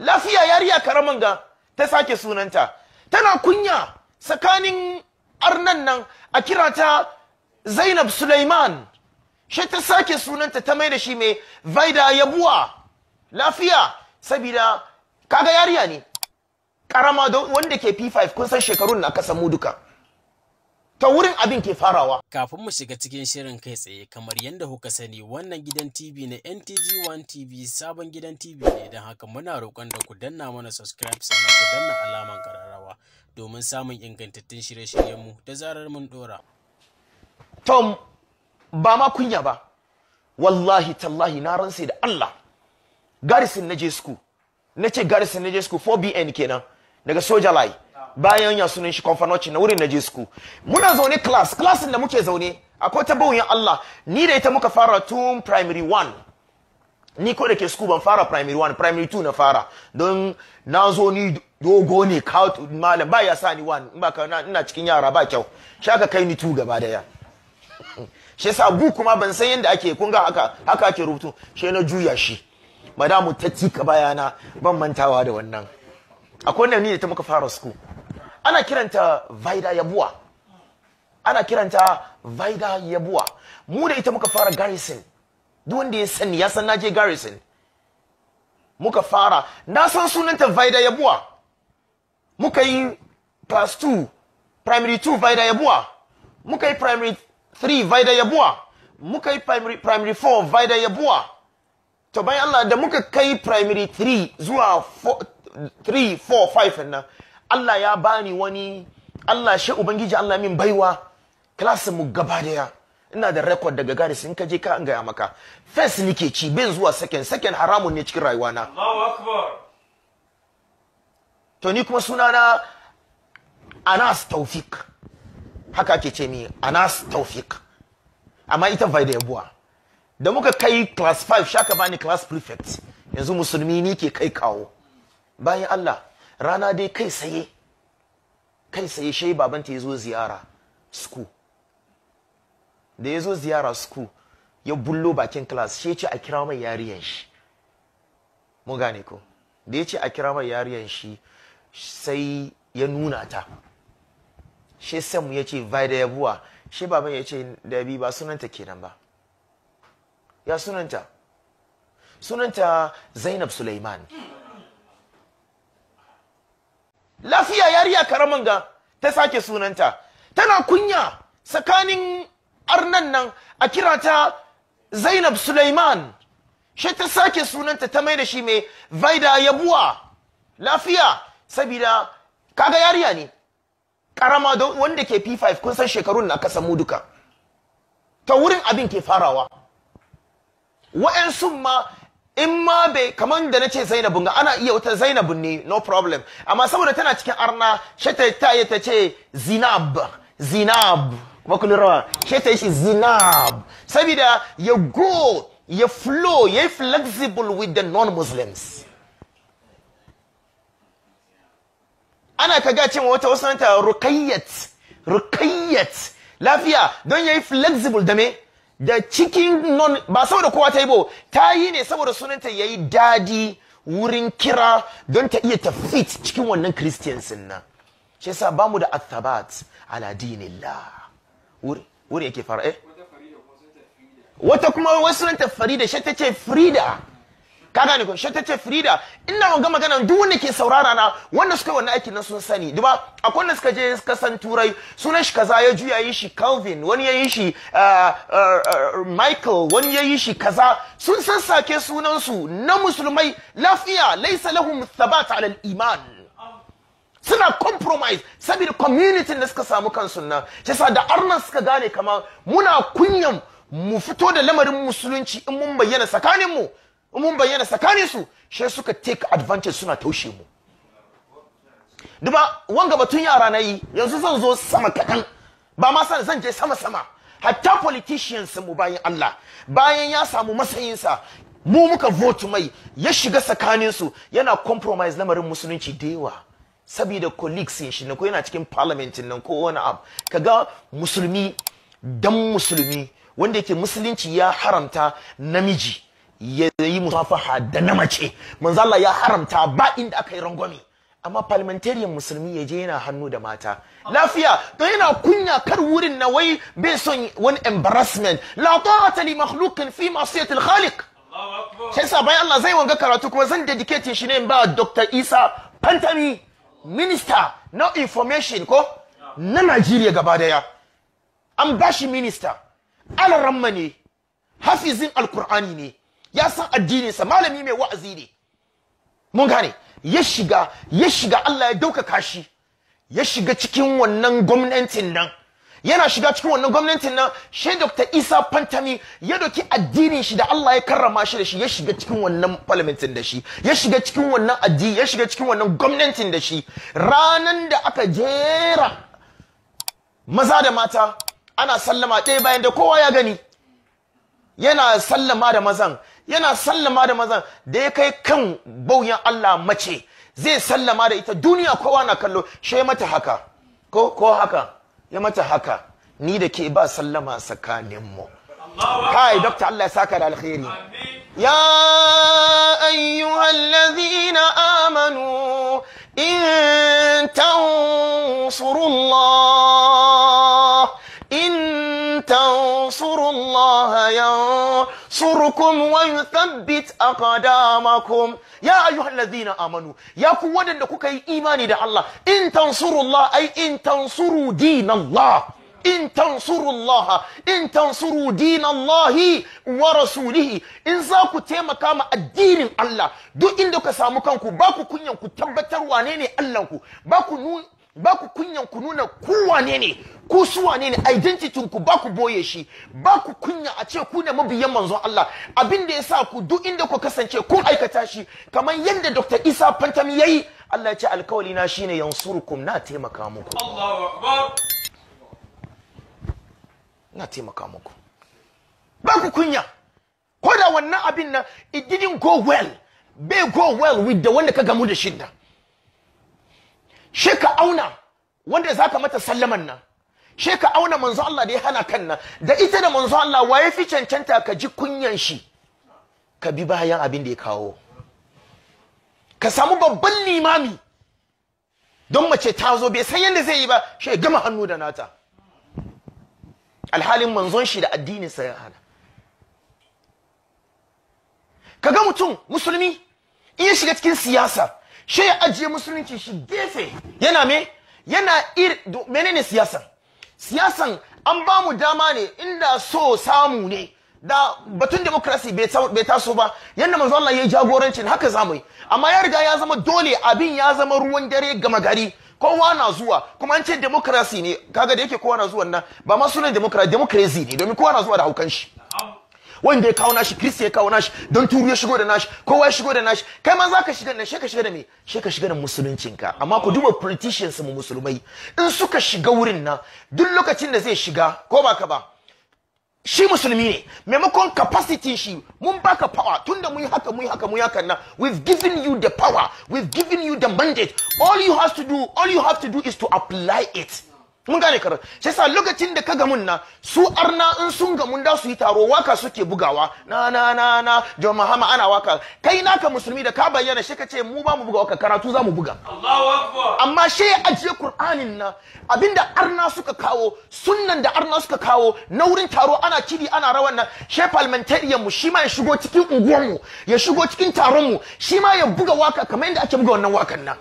lafiya yariya karaman ga ta sake sunanta tana kunya tsakanin arnan nan a kira ta Zainab suleiman shi ta sake sunanta ta mai da shi mai vaida yabuwa lafiya sabida kaga yariya ne karama don wanda ke P5 kun san shekarun na kasa mu duka ta wurin abin ke farawa. Kafin mu shiga cikin shirin kai tsaye kamar yadda kuka sani wannan gidan TV na NTG One TV sabon gidan TV ne don haka muna roƙon da ku danna mana subscribe sannan ku danna alaman kararrawa domin samun ingantattun shirye mu da zarar mun ɗora. Tom ba ma kunya ba wallahi tallahi na ransa da Allah Garrison na je Nace na Garrison na je 4BN kenan daga Soja Line bayan ya sunan shi konfanoci na wurin na je school muna zaune class classin da muke zaune akwai ta bawuyin Allah ni da ita muka fara tun primary 1 ni ko da ke school ban fara primary 1 primary 2 na fara don na zo ni dogo ne ka malam ba ya sa ni one in ba ka ina cikin yara ba kyau shaka kai ni two gaba daya shi yasa bu kuma ban san yadda ake kun ga haka haka ake rubutu shi na juya shi madamu ta cika bayana ban mantawa da wannan akwai wanda ne ta muka fara su ana kiranta vaida Yabuwa ana kiranta vaida Yabuwa mu da ita muka fara garrison duk wanda ya sani ya san naje garrison muka fara na san sunanta vaida Yabuwa muka yi class 2 primary 2 vaida Yabuwa muka yi primary 3 vaida Yabuwa muka yi primary, 4 vaida Yabuwa to bayan Allah da muka kai primary 3 zuwa 3 4 5 nan Allah ya bani wani Allah shi ubangiji Allah min baiwa klasin mu gaba daya ina da record daga garis in ka je ka an gaya maka first nike ci bin zuwa second second haramun ne cikin rayuwa na to ni kuma sunana Anas Taufik haka ke ce ni Anas Taufik amma ita da Yabuwa da muka kai class 5 shaka bani class prefect yanzu musulmi ni ke kai kawo bayan Allah rana dai kai saye kai saye shi babanta ya zo ziyara suku da ya zo ziyara suku ya bullo bakin class shi ce a kira mai yariyan shi mu gane ko da ya ce a kira mai yariyan shi sai ya nuna ta shi mu ya ce vai da yabuwa shi baban ya ce da bi ba sunanta kenan ba ya sunanta sunanta zainab suleiman lafiya yariya karaman ga ta sake sunanta tana kunya tsakanin arnan nan a kira ta Zainab suleiman shi ta sake sunanta ta mai da shi mai vaida yabuwa lafiya sabida kaga yariya ne karama don wanda ke P5 kun san shekarun na kasa mu duka ta wurin abin ke farawa sun ma in ma bai kamar da na ce Zainabun ga ana iya wata Zainabun ne no problem amma saboda tana cikin arna she ta yi ta ce Zinab Zinab kuma kullu rawa she ta shi Zinab saboda ya go ya flow ya flexible with the non muslims ana kaga cewa wata wasu ta ruqayyat ruqayyat lafiya don yayi flexible da me da cikin non ba saboda kowa ta yi bo ta yi ne saboda sunanta ya yi dadi wurin kira don ta iya ta fit cikin wannan christians nan shi yasa bamu da athabat ala dinillah wuri wuri yake fara eh wata kuma wasu sunanta farida shi ta ce frida ka gane ko ta ce Frida ina wanga magana duk wanda ke saurara na wanda suka yi wannan aikin nan sun sani duba akwai wanda suka je suka san turai sunan shi kaza ya juya yi shi Calvin wani ya yi shi uh, uh, uh, Michael wani ya yi shi kaza sun sassake sunan su na musulmai lafiya laisa lahum thabat ala iman suna compromise saboda community da suka samu kansu nan shi sa da arna suka gane kamar muna kunyan mu fito da lamarin musulunci in mun bayyana tsakanin mu mun bayyana tsakanin su shi suka take advantage suna taushe mu duba wanga batun yara na yi yanzu zan zo sama kaɗan ba ma san zan je sama sama hatta politicians mu bayan Allah bayan ya samu matsayinsa mu muka vote mai ya shiga tsakanin su yana compromise lamarin musulunci da yawa saboda colleagues shi ne ko yana cikin parliament nan ko wani abu kaga musulmi dan musulmi wanda yake musulunci ya haramta namiji yayi yi musafaha da na mace manzo Allah ya haramta ba inda aka yi rangwame amma parliamentarian musulmi ya je yana hannu da mata lafiya to yana kunya kar wurin na wai bai son wani embarrassment la ta'ata li makhluqin fi ma'siyati al-khaliq sai sa bayan Allah zai wanga karatu kuma zan dedicate shi ne ba Dr. Isa Pantami minister na information ko na Najeriya gaba daya an bashi minister alaramma ne hafizin alkur'ani ne ya san addininsa malami mai wa'azi ne mun gane ya shiga ya shiga Allah ya daukaka shi ya shiga cikin wannan gwamnatin nan yana shiga cikin wannan gwamnatin nan shi Dr. Isa Fantami ya doki addinin shi da Allah ya karrama shi da shi ya shiga cikin wannan parliamentin da shi ya shiga cikin wannan addini ya shiga cikin wannan gwamnatin da shi ranan da aka jera maza da mata ana sallama ɗaya bayan da kowa ya gani yana sallama da mazan yana sallama da mazan da ya kai kan bauyan Allah mace zai sallama da ita duniya kowa na kallo she mata haka ko ko haka ya mata haka ni da ke ba sallama tsakaninmu kai dokta Allah ya saka da alkhairi ya ينصركم ويثبت أقدامكم amanu أيها الذين آمنوا يا كوادن دكوكي إيماني دا الله إن تنصروا الله أي إن تنصروا دين in tansurullah in dinallahi wa in za taimaka ma addinin Allah duk inda ka samu kanku baku ku kunyan ku tabbatar wane ne Allah ku ba ba ku kunyan ku nuna ku wane ne ku su wane ne identity ku ba ku boye shi ba ku kunya a ce ku ne mabiyan manzon Allah abin da yasa ku duk inda ku kasance ku aikata shi kamar yadda Dr. Isa Fantam yayi Allah ya ce alkawali na shine yansurukum na taimaka muku Allahu akbar na taimaka muku ba ku kunya ko da wannan abin na it didn't go well bai go well with the wanda ka gamu da shi shidda shi ka auna wanda zaka mata sallaman nan shi ka auna manzo Allah da ya hana kan nan da ita da manzo Allah waye fi cancanta ka ji kunyan shi ka bi bayan abin da ya kawo ka samu babban limami don mace ta zo bai san yadda zai yi ba shi gama hannu da nata alhalin manzon shi da addinin sa ya hana ga mutum musulmi in ya shiga cikin siyasa shi ya ajiye musulunci shi gefe yana me yana ir menene siyasan siyasan an ba mu dama ne inda so samu ne da batun demokrasi bai taso ba yadda manzo Allah ya yi jagorancin haka zamu yi amma ya riga ya zama dole abin ya zama ruwan dare gama gari kowa na zuwa kuma an ce demokrasi ne kaga da yake kowa na zuwa nan ba ma sunan demokrasi ne domin kowa na zuwa da haukan shi wanda ya kawo nashi kristi ya kawo nashi don turu ya shigo da nashi kowa ya shigo da nashi kai ma zaka shiga da ka shiga da me ka shiga da musuluncinka amma ku duba politicians mu musulmai in suka shiga wurin nan duk lokacin da zai shiga ko ba ka ba shi musulmi ne maimakon capacity shi mun baka power tunda mun yi haka mun yi haka mun yi haka na we've given you the power we've given you the mandate all you have to do all you have to do is to apply it mun gane karar sai sa lokacin da ka mun na su arna in sun gamun da su yi taro waka suke bugawa na na na na mahama ana waka kai naka musulmi da ka bayyana shi ka ce mu ba mu buga waka karatu za mu buga Allahu akbar amma shi ya ajiye Qur'anin na abinda arna suka kawo sunnan da arna suka kawo na wurin taro ana kidi ana rawan nan shi parliamentarian mu shi ma ya shigo cikin unguwar mu ya shigo cikin taron mu shi ma ya buga waka kamar yadda ake buga wannan wakan nan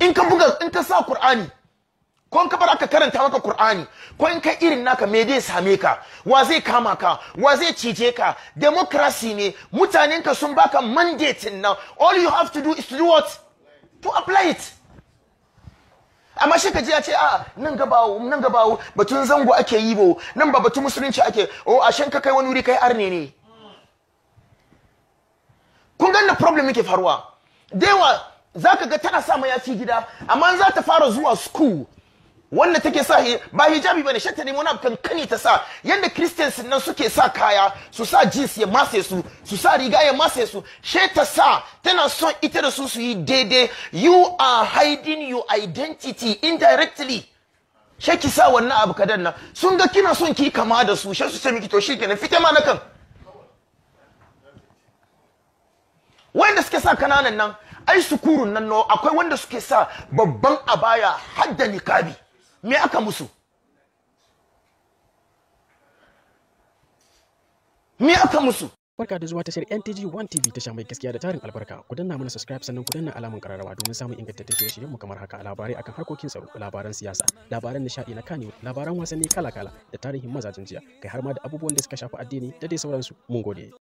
in ka buga in ka sa Qur'ani ko in ka bar aka karanta maka Qur'ani ko in ka irin naka me zai same ka wa zai kama ka wa zai cije ka democracy ne mutanen ka sun baka mandate nan all you have to do is to do what to apply it amma shi ka ya ce a ah, nan gaba nan gaba batun zango ake yi bo nan ba batun musulunci ake o oh, shan ka kai wani wuri kai arne ne kun ganna problem yake faruwa da yawa za ka ga tana sa mayafi gida amma za ta fara zuwa school wanda take sa ba hijabi bane shatta ne wani kankani ta sa yadda christians nan suke sa kaya su sa jeans ya mase su su sa riga ya mase su she ta sa tana son ita da su su yi daidai you are hiding your identity indirectly she ki sa wannan abu kadan nan sun ga kina son ki kama da su she su ce miki to shikenan fita ma na kan wanda suke sa kananan nan ai sukurun nan nawa akwai wanda suke sa babban abaya har da niqabi me aka musu me aka musu barka da zuwa tashar NTG 1 TV tasha mai gaskiya da tarin albarka ku danna mana subscribe sannan ku danna alamun kararrawa domin samun ingantaccen shirye mu kamar haka labarai akan harkokin tsaro labaran siyasa labaran nishadi na kanewa labaran wasanni kala-kala da tarihin mazajen jiya kai har ma da abubuwan da suka shafi addini da dai sauransu mun gode